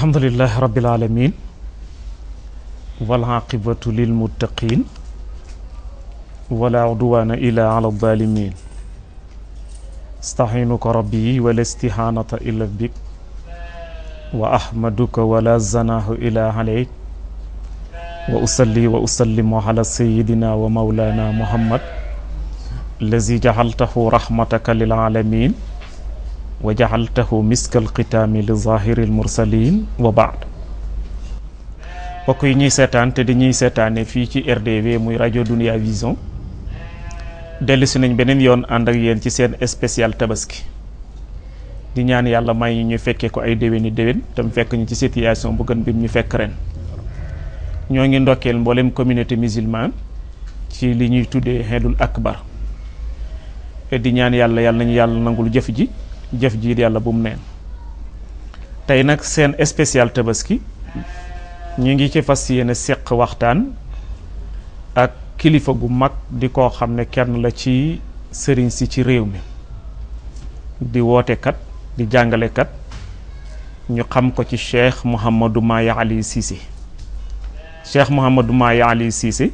alhamdulilah rabbil aalamiin wal aaqibatu lil muttaqiin wala udwaana illa ala zaalimiin astaxiinuka rabbi wala istixaanata illa bik wa ahmaduka wala zanaahu ila aleyk wa usalli wa usallimu ala sayidina wa mawlana muhammad lazi jaxaltahu rahmataka lil aalamiin wa taxu miskal xitaami li zahiril mursalin wa baad mbokk yi ñuy seetaan te dañuy seetaane fii ci RDV muy rajo Dunia Vision dellusi nañ beneen yoon ànd ak yéen ci seen spécial tabaski di ñaan yàlla may ñu ñuy fekkee ko ay déwéni déwén mu fekk ñu ci situation bu gën bi ñu fekk ren ñoo ngi ndokkeel mboolem communauté musulmane ci li ñuy tuddee xeedul akbar di ñaan yàlla yàlla nañu yàlla nangul jëf ji jëf jiit yàlla bu mu neen tey nag seen spécial tabaski ñu ngi ci fas yéene seq waxtaan ak kilifa gu mag di koo xam ne kenn la ci sëriñ si ci réew mi di woote kat di jàngalekat ñu xam ko ci cheikh Mouhamadou Maye Ali Cissé cheikh Mouhamadou Maye Ali Cissé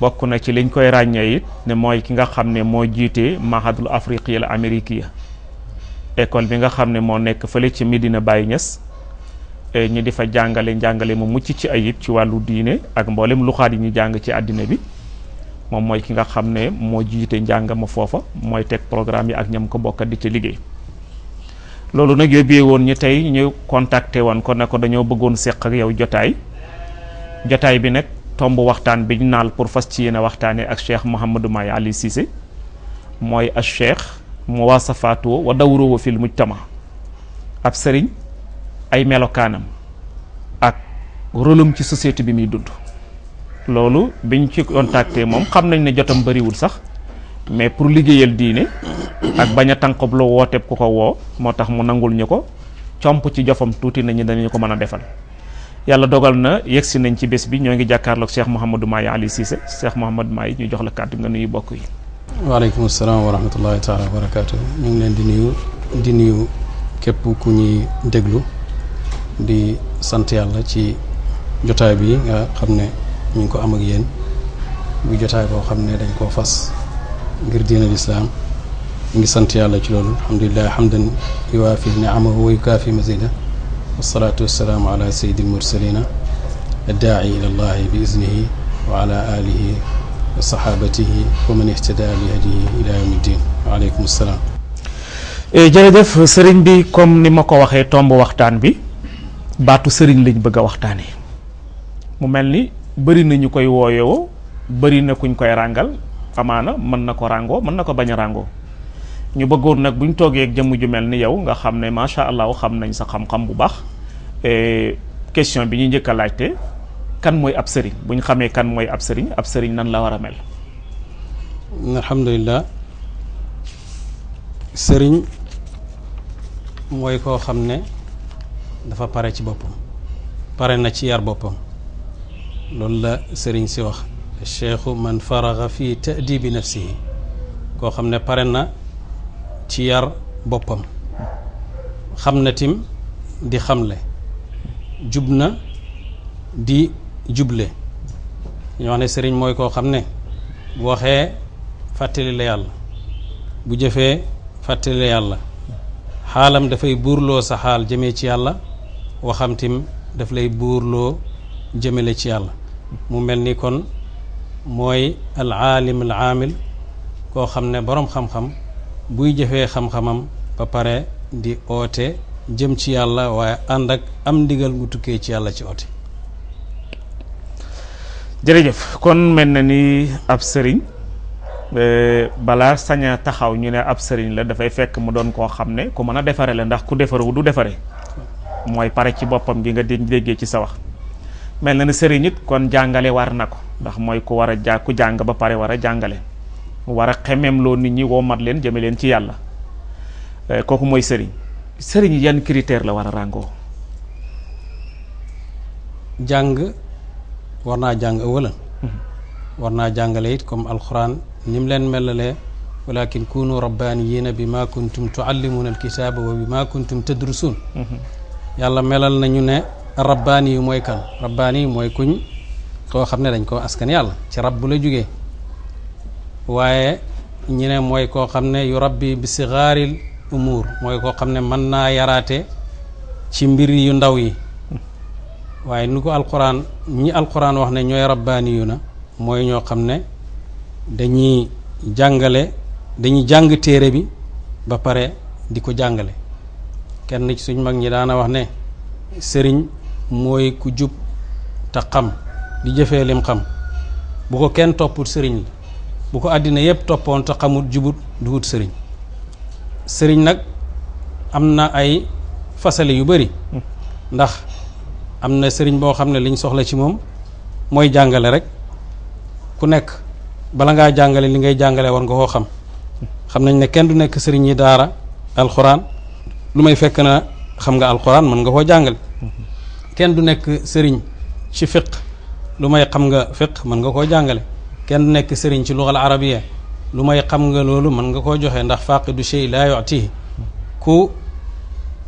bokk na ci liñ koy ràññee it ne mooy ki nga xam ne moo jiite mahadul afriqiya al amérikiya école bi nga xam ne moo nekk fële ci Medina Baye Niass e, ñi di fa jàngale njàngale mu mucc ci ayib ci wàllu diine ak mboolem luxaat yi ñu jàng ci àddina bi moom mooy ki nga xam ne moo jiite njàng ma foofa mooy teg programme yi ak ñam ko bokkat di ci liggéey loolu nag yóbbee woon ñu tey ñu contacté woon ko ne ko dañoo bëggoon seq ak yow jotaay jotaay bi nag tomb waxtaan bi ñu naal pour fas ci yéene waxtaanee ak cheikh Mouhamadou Maye Ali Cissé mooy as muwaasafaatoo wa dawroo fil mujtama ab sëriñ ay melokaanam ak rôlam ci société bi muy dund loolu biñ ci contacté moom xam nañ ne jotam bariwul sax mais pour liggéeyal diine ak bañ a tànqob la wooteeb ku ko woo moo tax mu nangul ñu ko comp ci jofam tuuti nañu danañu ko mën a defal yàlla dogal na yegsi nañ ci bés bi ñoo ngi jàkkaarloog Cheikh Mouhamadou Maye Ali Cissé Cheikh Mouhamadou Maye ñu jox la kàddu nga nuyu bokk yi waaleykum salaam wa rahmatullahi taala wa barakaatu ñu ngi leen di nuyu di ku ñuy déglu di sant la ci jotaay bi nga xam ne ñu ngi ko am ak yéen bu jotaay boo xam ne dañ koo fas ngir diina lislaam ñu ngi sant yàlla ci loolu alhamdulilahi hamdan yuwaafi niamahu wa yukaafi mazida wasalaatu wasalaamu ala sayidi almursalina addaa'i ila allahi bi iznihi wa ala alihi wa saxaabatihi wa man ihtadaa bi salaam e, jërëjëf sëriñ bi comme ni ma ko waxee tomb waxtaan bi baatu sëriñ lañ bëgg a waxtaanee mu mel ni bëri nañu koy wooyoo bëri na kuñ koy ràngal amaana mën na ko ràngoo mën na ko bañ a ràngoo ñu bëggoon nag buñ toogee ak jëmm ju mel ni yow nga xam ne macha allah xam nañ sa xam-xam bu baax e, question bi ñu njëkk a laajte kan mooy ab sëriñ bu ñu xamee kan mooy ab sëriñ ab sëriñ nan la war a mel. alhamdulilah sëriñ mooy koo xam ne dafa pare ci boppam pare na ci yar boppam loolu la sëriñ si wax cheikhu man faraga fi ta'dibi nafsihi koo xam ne pare na ci yar boppam xam na tim di xamle jub na di juble ñu wax ne sëriñ mooy koo xam ne bu waxee fàttali la yàlla bu jëfee fàttali la yàlla xaalam dafay buurloo sa xaal jëmee ci yàlla waxamtim daf lay buurloo jëmale ci yàlla mu mel ni kon mooy al aalim al aamil koo xam ne boroom xam-xam buy jëfee xam-xamam ba pare di oote jëm ci yàlla waaye ànd ak am ndigal gu tukkee ci yàlla ci oote jërëjëf kon mel na ni ab sëriñ e, balaa sañ taxaw ñu ne ab sëriñ la dafay fekk mu doon koo xam ne ku mën a defare la ndax ku defarewu du defare mooy pare ci boppam gi nga déggee ci sa wax mel na ni sëriñ it kon jàngale war na ko ndax mooy ku war a ja ku jàng ba pare war a jàngale war a xemeem loo nit ñi woomat leen jëme leen ci yàlla e, kooku mooy sëriñ sëriñ yan critère la war a ràngoo jàng war naa jàng ëwalan mhm. war naa jàngale it comme alxuraan ni mu leen melalee walakin kunu rabbaaniyiina bi ma kuntum tuallimuuna alkitaaba wa bi ma kuntum tadrusuun mhm. yàlla melal nañu ne rabbaani yu mooy kan rabbaani yu mooy kuñ koo xam ne dañ koo askan yàlla ci bu la jógee waaye ñu mooy koo xam ne yu rabbi bi sigaaril umuur mooy koo xam ne mën naa yaraate ci mbir yu ndaw yi waaye nu ko alquran ñi alquran wax ne ñooy na mooy ñoo xam ne dañuy jàngale dañuy jàng téere bi ba pare di ko jàngale kenn ci suñ mag ñi daana wax ne sëriñ mooy ku jub te xam di jëfee lim xam bu ko kenn topput sëriñ la bu ko àddina yépp toppoon te xamut jubut dugut sëriñ sëriñ nag am na ay fasale yu bari hmm. ndax am na sëriñ boo xam ne liñ soxla ci moom mooy jàngale rek ku nekk bala ngaa jàngale li ngay jàngale war nga koo xam xam nañ ne kenn du nekk sëriñ yi daara alxuraan lu may fekk na xam nga alxuraan mën nga koo jàngale kenn du nekk sëriñ ci fiq lu may xam nga fiq mën nga koo jàngale kenn nekk sëriñ ci luxal arabiya lu may xam nga loolu mën nga koo joxe ndax faaqidu shay laa yu'tihi ku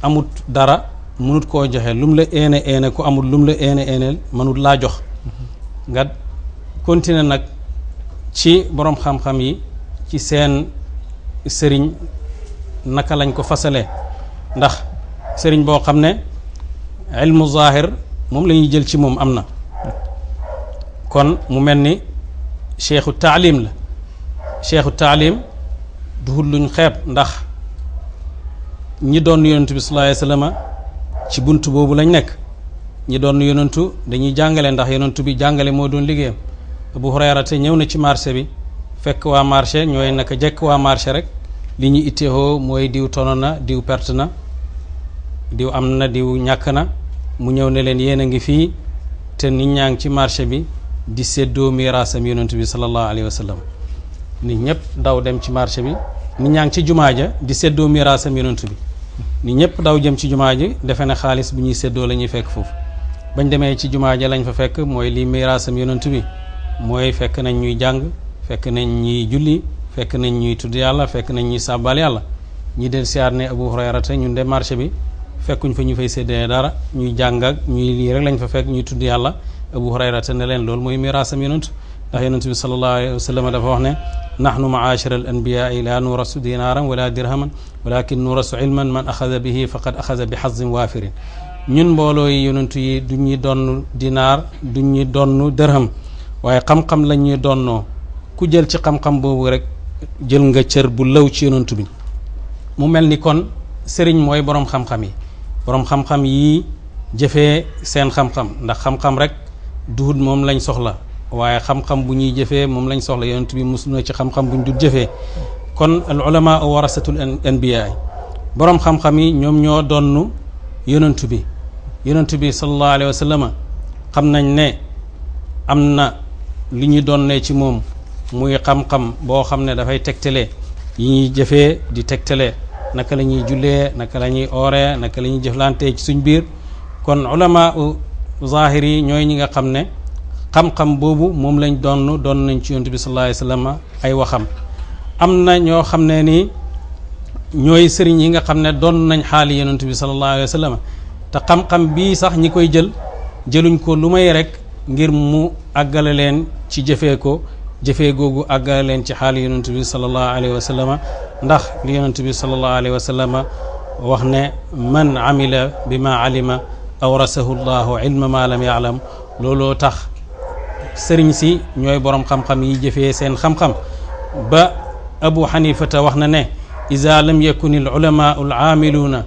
amut dara mënut koo joxe lu mu la eene eene ku amul lu mu la eene eeneel mënut laa jox nga kontine nag ci boroom xam-xam yi ci seen sëriñ naka lañ ko fasale ndax sëriñ boo xam ne ilmu zahir moom la ñuy jël ci moom am na kon mu mel ni cheikhu taalim la cheikhu taalim duhul luñ xeeb ndax ñi doon yonent bi sallallahu ci bunt boobu lañ nekk ñi doon yonantu dañuy jàngale ndax yonantu bi jàngale moo doon liggéeyam Abu Hurayra te ñëw na ci marché bi fekk waa marché ñooy naka jekk waa marché rek li ñu itteewoo mooy diw tono na diw perte na diw am na diw ñàkk na mu ñëw ne leen yéen a ngi fii te nit ñaa ngi ci marché bi di séddoo miraasam yonantu bi sallallahu alayhi wa nit ñëpp daw dem ci marché bi nit ñaa ngi ci jumaa ja di séddoo miraasam yonantu bi ni ñëpp daw jëm ci jumaa ji defe na xaalis bu ñuy séddoo la ñuy fekk foofu bañ demee ci jumaa ja lañ fa fekk mooy li miraasam yonent bi mooy fekk nañ ñuy jàng fekk nañ ñuy julli fekk nañ ñuy tudd yàlla fekk nañ ñuy sàbbal yàlla ñi del siyaar ne Abu Hurayra te ñun de marché bi fekkuñ fa ñu fay séddee dara ñuy jàng ak ñuy lii rek lañ fa fekk ñuy tudd yàlla Abu Hurayra te ne leen loolu mooy miraasam yonent ndax yonent bi sallallahu alayhi wa sallam dafa wax ne nahnu maachira al anbiyaai la nurasu dinaaran wala dirhaman walakin nurasu ilman man axada bihi faqad axada bi xazin waafirin ñun mbooloo yi yonentu yi du ñuy donn dinaar du ñuy donn dërham waaye xam-xam la ñuy donnoo ku jël ci xam-xam boobu rek jël nga cër bu law ci yonentu bi mu mel ni kon sëriñ mooy boroom xam-xam yi boroom xam-xam yi jëfee seen xam-xam ndax xam-xam rek duut moom lañ soxla waaye xam-xam bu ñuy jëfee moom lañ soxla yonent bi mus na ci xam-xam bu ñu dul jëfee kon al ulama warasatul anbiya boroom xam-xam yi ñoom ñoo donn yonent bi yonent bi sallallahu alayhi wa xam nañ ne am na li ñu donnee ci moom muy xam-xam boo xam ne dafay tegtale yi ñuy jëfee di tegtale naka lañuy jullee naka la ñuy ooree naka lañuy ñuy jëflantee ci suñ biir kon ulama zahir yi ñooy ñi nga xam ne xam-xam boobu moom lañ doon doon nañ ci yonent bi sallallahu alayhi wasallam ay waxam am na ñoo xam ne ni ñooy sëriñ yi nga xam ne donn nañ xaali yonent bi sallallahu alayhi wasallam te xam bii sax ñi koy jël jëluñ ko lu may rek ngir mu àggale leen ci jëfee ko jëfee googu àggale leen ci xaali yonent bi sallallahu alayhi wasallam ndax li yonent bi sallallahu alayhi wasallam wax ne man amila bi ma alima awrasahu llahu ilma ma lam yaalam looloo tax sëriñ si ñooy boroom xam-xam yi jëfee seen xam-xam ba abu xanifata wax na ne ida lam yakun al ulamaau al aamiluuna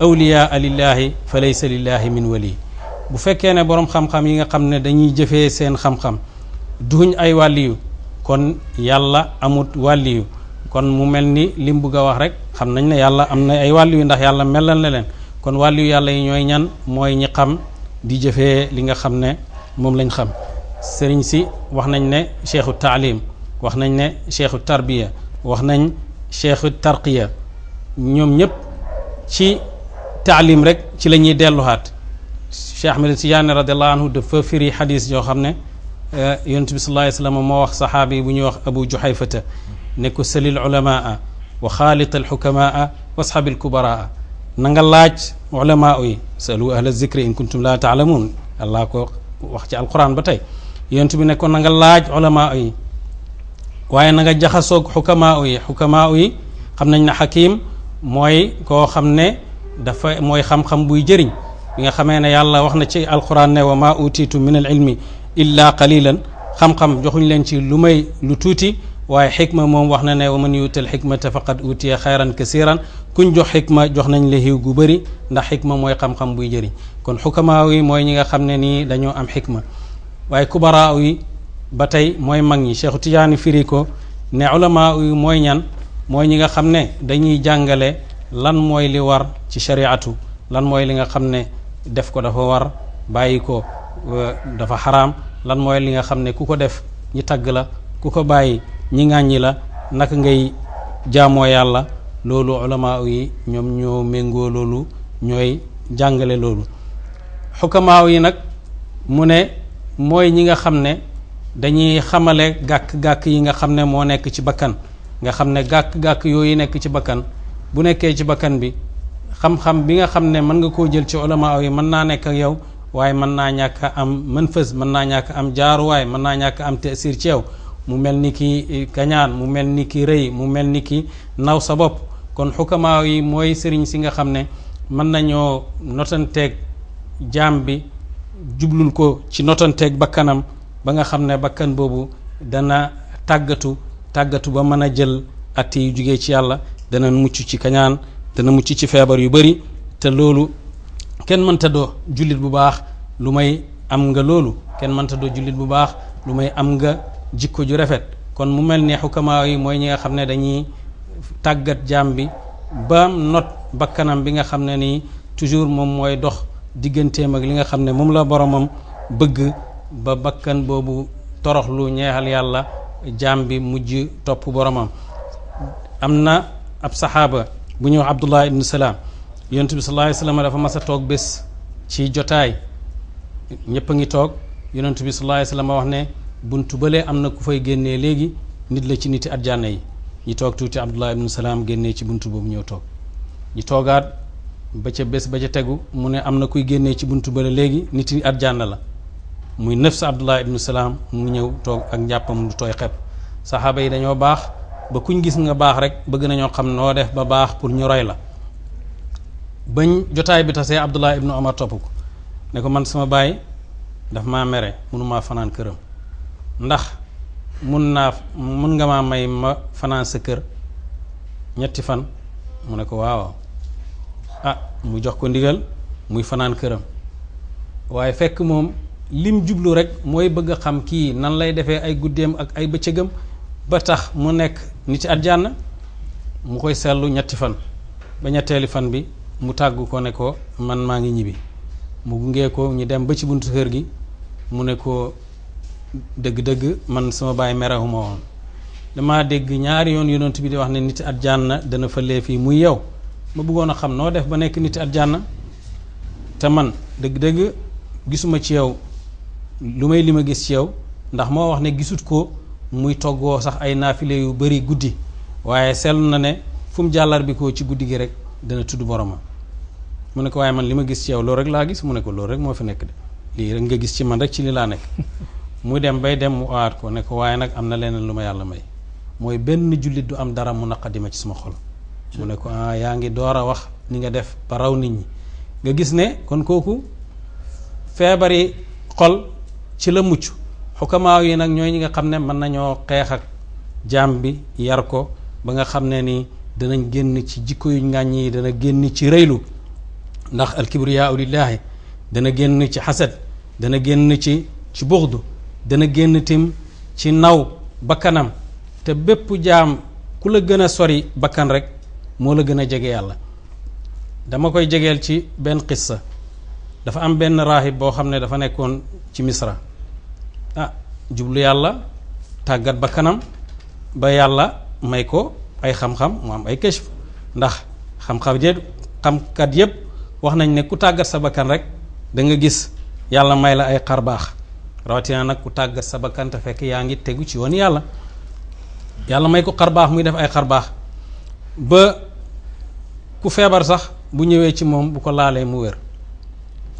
awliyaa lillaahi fa laysa lillaahi bu fekkee ne boroom xam yi nga xam ne dañuy jëfee seen xam-xam ay wàlliyu kon yàlla amut wàlliyu kon mu mel ni lim bugg a wax rek xam nañ ne yàlla am na ay wàlliyu ndax yàlla mel na leen kon wàlliyu yàlla yi ñooy ñan mooy ñi xam di jëfee li nga xam ne moom lañ xam sëriñ si wax nañ ne cheikhu taalim wax nañ ne cheikhu tarbiya wax nañ cheikhu tarqiya ñoom ñëpp ci taalim rek ci la ñuy delluwaat Cheikh Ahmed Tidiane radiallahu anhu dafa firi xadis yoo xam ne eh, yonent bi sallallahu alayhi wasallam moo wax saxaabi yi bu ñuy wax abu juhayfata ne ko salil ulamaa wa xaalit alxukamaa wa asxaabi alkubaraa na nga laaj ulamaa yi salu ahla zikri in kuntum laa taalamuun allah ko wax ci alquran ba tey yonent bi ne ko na laaj ulamaa yi waaye na nga jaxasoog xukamaa yi xam nañ ne xakim mooy koo xam ne dafa mooy xam-xam buy jëriñ bi nga xamee ne yàlla wax na ci alxuraan ne wa maa utiitu min al ilmi illaa qalilan xam-xam joxuñ leen ci lu may lu tuuti waaye xikma moom wax na ne wa man yuutal xikmata faqad utiya xayran kasiran kuñ jox xikma jox nañ la xiw gu bëri ndax xikma mooy xam-xam buy jëriñ kon xukamaa yi mooy ñi nga xam ne nii dañoo am xikma waaye kubaraa yi ba tey mooy mag ñi Cheikhu Tijaani firi ko ne ulamaa yi mooy ñan mooy ñi nga xam ne dañuy jàngale lan mooy li war ci shariatu lan mooy li nga xam ne def ko dafa war bàyyi ko euh, dafa xaram lan mooy li nga xam ne ku ko def ñi tagg la ku ko bàyyi ñi ŋàññi la naka ngay jaamoo yàlla loolu ulamaa yi ñoom ñoo méngoo loolu ñooy jàngale loolu xukamaa yi nag mu ne mooy ñi nga xam ne dañuy xamale gàkk-gàkk yi nga xam ne moo nekk ci bakkan nga xam ne gàkk-gàkk yooyu nekk ci bakkan bu nekkee ci bakkan bi xam-xam bi nga xam ne mën nga koo jël ci ulama yi mën naa nekk ak yow waaye mën naa ñàkk am mën fës mën naa ñàkk am jaaruwaay mën naa ñàkk am tesir ci mu mel ni ki kañaan mu mel ni ki rëy mu mel ni ki naw sa bopp kon xukamaa yi mooy sëriñ si nga xam ne mën nañoo notanteeg jaam bi jublul ko ci notanteeg bakkanam ba nga xam ne bakkan boobu dana tàggatu tàggatu ba mën a jël atte yu jugee ci yàlla dana mucc ci kañaan dana mucc ci feebar yu bari te loolu kenn mënta doo jullit bu baax lu may am nga loolu kenn mënta doo jullit bu baax lu may am nga jikko ju rafet kon mu mel ne xukamaa yi mooy ñi nga xam ne dañuy tàggat jaam bi ba not bakkanam bi nga xam ne nii toujours moom mooy dox digganteem ak li nga xam ne moom la boromam bëgg ba bakkan boobu toroxlu ñeexal yàlla jaam bi mujj topp boromam am na ab saxaaba bu ñuy wax abdullah ibnu salaam yonent bi sallallahu alayhi dafa mas toog bés ci jotaay ñëpp a ngi toog yonent bi sallallahu alayhi wax ne buntu bële am na ku fay génnee léegi nit la ci niti àjjana yi ñu toog tuuti abdullah ibnu salaam génnee ci bunt boobu ñëw toog ñu toogaat ba ca bés ba ca tegu mu ne am na kuy génnee ci buntu bële léegi nit yi àjjana la muy Nafs Abdullah ibnu Salaam mu ñëw toog ak njàppam du tooy xepp saxaaba yi dañoo baax ba kuñ gis nga baax rek bëgg nañoo xam noo def ba baax pour ñu roy la bañ jotaay bi tasee Abdullah ibnu Omar topp ko ne ko man sama baay daf maa mere mënumaa fanaan këram ndax mun naa mun nga maa may ma fanaan sa kër ñetti fan mu ne ko waaw ah mu jox ko ndigal muy fanaan këram waaye fekk moom lim jublu rek mooy bëgg xam kii nan lay defee ay guddeem ak ay bëccëgam ba tax mu nekk nit ci jànn mu koy seetlu ñetti fan ba ñetteeli fan bi mu tàggu ko ne ko man maa ngi ñibbi mu gungee ko ñu dem ba ci buntu kër gi mu ne ko dëgg-dëgg man sama baay merewuma woon damaa dégg ñaari yoon yonent bi di wax ne nit àjjana dana fëlee fii muy yow ma bëggoon a xam noo def ba nekk nit jànn te man dëgg-dëgg gisuma ci yow lu may li ma gis ci yow ndax moo wax ne gisut ko muy toggoo sax ay naafile yu bari guddi waaye seetlu na ne fu mu bi ko ci guddi gi rek dana tudd boromam mu ne ko waaye man li ma gis ci yow loolu rek laa gis mu ne ko loolu rek moo fi nekk de lii rek nga gis ci man rek ci li laa nekk mu dem bay dem mu aat ko ne ko waaye nag am na leneen lu ma yàlla may mooy benn jullit du am dara mu naqadi ma ci sama xol mu ne ko ah yaa ngi door a wax ni nga def ba raw nit ñi nga gis ne kon kooku feebari xol ci la mucc xukamaaw yi nag ñooy ñi nga xam ne mën nañoo xeex ak jaam bi yar ko ba nga xam ne ni danañ génn ci jikko yu ngàññ yi dana génn ci rëylu ndax alkibriyaa lillaahi dana génn ci xasad dana génn ci ci buxdu dana génn tim ci naw bakkanam te bépp jaam ku la gën a sori bakkan rek moo la gën a jege yàlla dama koy jegeel ci benn xissa dafa am benn raahib boo xam ne dafa nekkoon ci misra ah jublu yàlla tàggat ba kanam ba yàlla may ko ay xam-xam mu am ay kashf ndax xam-xam je xamkat yépp wax nañ ne ku tàggat sa bakkan rek da gis yàlla may la ay xar baax rawatina nag ku tàggat sa bakkan fekk yaa ngi tegu ci yoon yàlla yàlla may ko xar baax muy def ay xar baax ku feebar sax bu ñëwee ci moom bu ko laalee mu wér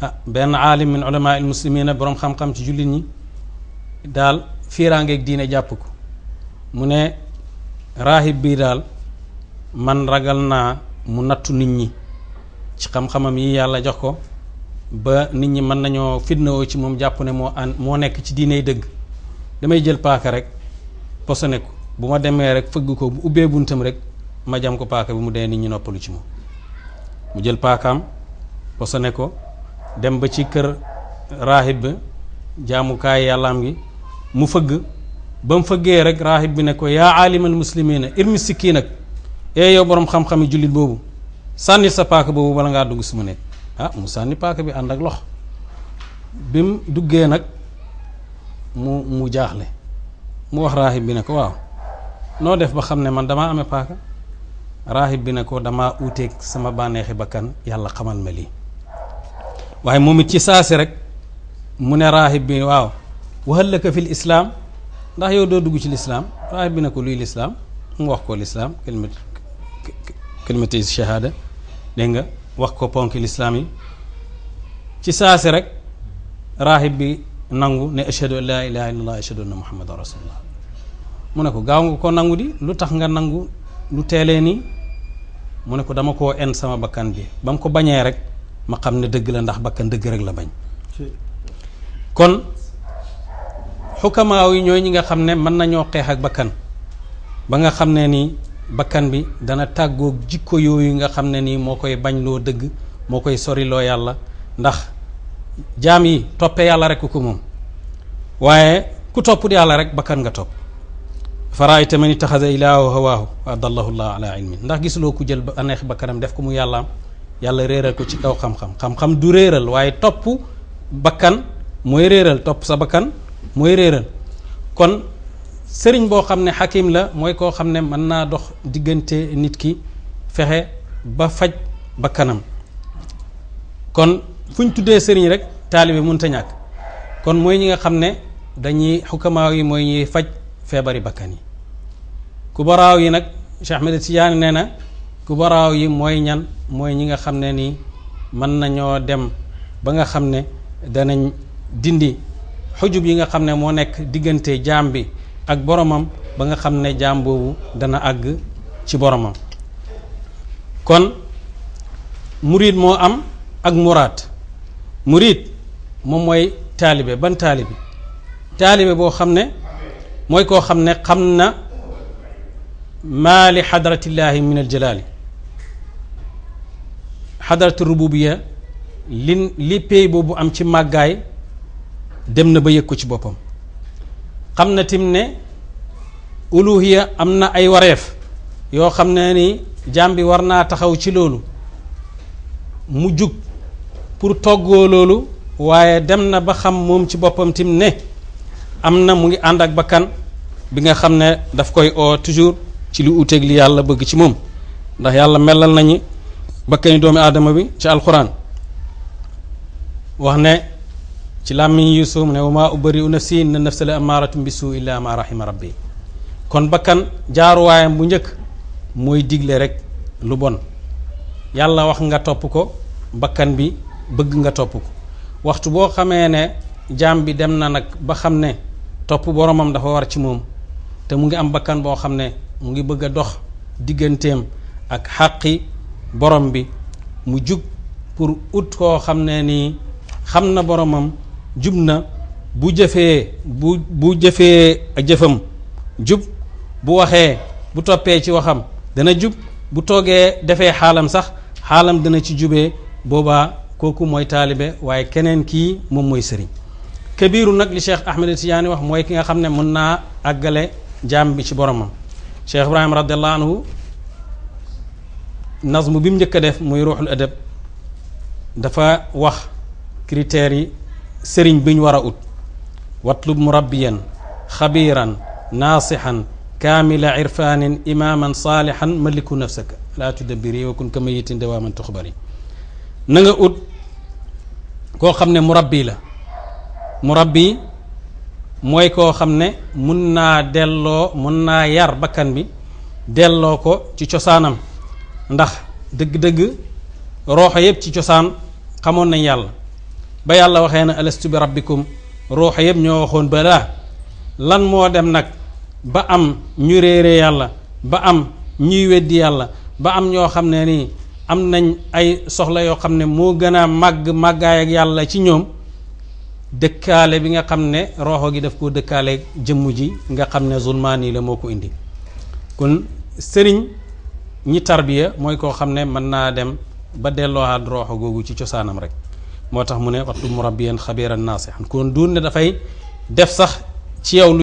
ah benn aalim min ulama il boroom xam-xam ci jullit ñi daal fiiraangeeg diine jàpp ko mu ne raahib bii daal man ragal naa mu nattu nit ñi ci xam-xamam yi yàlla jox ko ba nit ñi mën nañoo fitnawoo ci moom jàpp ne moo an moo nekk ci diiney dëgg damay jël paaka rek posone ko bu ma demee rek fëgg ko bu ubbee buntam rek ma jam ko paaka bi mu dee nit ñi noppalu ci moom mu jël paakaam ne ko dem ba ci kër raahib bi jaamukaay yàllaam gi mu fëgg ba mu fëggee rek raahib bi ne ko yaa aalimal muslimina irmi sikki nag ee yow boroom xam-xami jullit boobu sànni sa paaka boobu bala ngaa dugg su mu nekk ah mu sànni paaka bi ànd ak lox bi mu duggee nag mu mu jaaxle mu wax raahib bi ne ko waaw noo def ba xam ne man damaa amee paaka raahib bi ne ko dama uuteeg sama bànneexi bakkan yàlla xamal ma lii waaye moom it ci saasi rek mu ne raahib bi waaw waxal la ko fi lislaam ndax yow doo dugg ci lislaam raahib bi na ko luy lislaam mu wax ko lislaam kalimat kalimati shahaada dégg nga wax ko ponk lislaam yi ci saasi rek raahib bi nangu ne ashhadu an laa ilaha illallah ashhadu anna mu ne ko gaaw nga ko nangu di lu tax nga nangu lu teelee ni mu ne ko dama ko en sama bakkan bi ba mu ko bañee rek ma xam ne dëgg la ndax bakkan dëgg rek la bañ kon xukamaaw yi ñooy ñi nga xam ne mën nañoo xeex ak bakkan ba nga xam ne nii bakkan bi dana tàggook jikko yooyu nga xam ne nii moo koy bañ loo dëgg moo koy soriloo yàlla ndax jaam yi toppee yàlla rek ku ko moom waaye ku topp yàlla rek bakkan nga topp faraayta man ittaxada ilaahu hawaahu wa adallahu llahu ala ilmin ndax gisuloo ku jël aneex bakkanam def ko mu yàllaam yàlla réeral ko ci kaw xam-xam xam-xam du réeral waaye topp bakkan mooy réeral topp sa bakkan mooy réeral kon sëriñ boo xam ne xakim la mooy koo xam ne mën naa dox diggante nit ki fexe ba faj bakkanam kon fu ñu tuddee sëriñ rek taalibe mënta ñàkk kon mooy ñi nga xam ne dañuy xukamaa yi mooy ñuy faj feebari bakkan yi kubaraaw yi nag Cheikh Ahmed Tidiane nee na kubaraaw yi mooy ñan mooy ñi nga xam ne nii mën nañoo dem ba nga xam ne danañ dindi xujub yi nga xam ne moo nekk diggante jaam bi ak boromam ba nga xam ne jaam boobu dana àgg ci boromam kon murid moo am ak muraad murid moom mooy taalibe ban taalibe taalibe boo xam ne mooy koo xam ne xam na maa li xadratillaahi min aljalaali xadaratu rububiya li li pay boobu am ci màggaay dem na ba yëg ko ci boppam xam na tim ne uluhiya am na ay wareef yoo xam ne ni jaam bi war naa taxaw ci loolu mu jug pour toggoo loolu waaye dem na ba xam moom ci boppam tim ne am na mu ngi ànd ak bakkan bi nga xam ne daf koy oo toujours ci lu uteeg li yàlla bëgg ci moom ndax yàlla melal nañu bakkani doomi aadama bi ci alxuraan wax ne ci làmmiñ yusuf ne wa maa ubari'u nafsi inna nafsa la amaaratum bi illaa maa rahima rabbi kon bakkan jaaruwaayam bu njëkk mooy digle rek lu bon yàlla wax nga topp ko bakkan bi bëgg nga topp ko waxtu boo xamee ne jaam bi dem na nag ba xam ne topp boromam dafa war ci moom te mu ngi am bakkan boo xam ne mu ngi bëgg a dox digganteem ak xàqi borom bi mu jug pour ut koo xam ne ni xam na boromam jub na bu jëfee bu bu jëfee jëfam jub bu waxee bu toppee ci waxam dana jub bu toogee defee xaalam sax xaalam dana ci jubee booba kooku mooy taalibe waaye keneen kii moom mooy sëriñ kabiru nag li cheikh Ahmed Tidiane wax mooy ki nga xam ne mën naa àggale jaam bi ci boromam cheikh Ibrahima radiallahu anhu nazmu bi mu njëkk a def muy ruuxul adab dafa wax critères yi sëriñ bi ñu war a ut watlub murabbiyan xabiran naasixan kaamila irfanin imaman saalixan maliku nafsaka laa tudabbiri wa kun kama yitin dawaaman tuxbari na ut koo xam ne murabbi la murabbi mooy koo xam ne mun naa delloo mun naa yar bakkan bi delloo ko ci cosaanam ndax dëgg-dëgg rooxo yëpp ci cosaan xamoon nañ yàlla ba yàlla waxee na alastu bi rabbikum rooxo yëpp ñoo waxoon balaa lan moo dem nag ba am ñu réere yàlla ba am ñuy weddi yàlla ba am ñoo xam ne nii am nañ ay soxla yoo xam ne moo gën a màgg màggaay ak yàlla ci ñoom dëkkaale bi nga xam ne roxo gi daf koo dëkkaale jëmm ji nga xam ne zulmaani la moo ko indi kon sëriñ ñi tarbiya mooy koo xam ne mën naa dem ba delloo delloowaat roxo googu ci cosaanam rek moo tax mu ne waxtu murabbiyan xabiran naasixan kon duun ne dafay def sax ci yow lu